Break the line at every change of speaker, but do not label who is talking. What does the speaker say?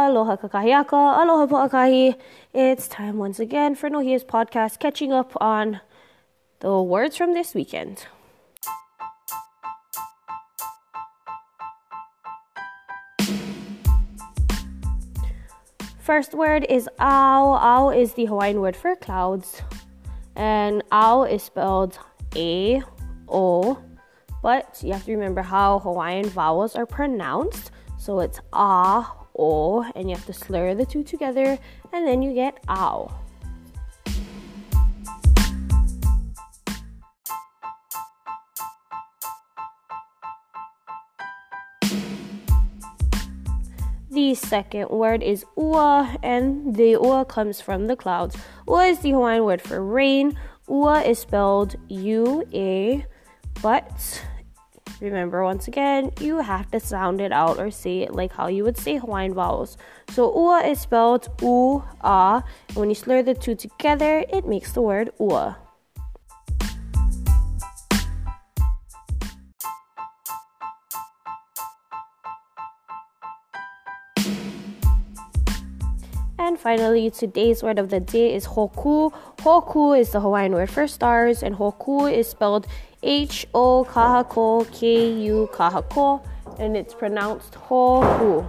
Aloha kakahiaka, aloha po'akahi. It's time once again for No podcast, catching up on the words from this weekend. First word is ao. Ao is the Hawaiian word for clouds, and ao is spelled a o. But you have to remember how Hawaiian vowels are pronounced. So it's ah o, and you have to slur the two together, and then you get ow. The second word is ua, and the ua comes from the clouds. Ua is the Hawaiian word for rain. Ua is spelled U A, but Remember, once again, you have to sound it out or say it like how you would say Hawaiian vowels. So ua is spelled u a. When you slur the two together, it makes the word ua. And finally, today's word of the day is hoku. Hoku is the Hawaiian word for stars, and hoku is spelled H O kahako K U kahako, and it's pronounced hoku.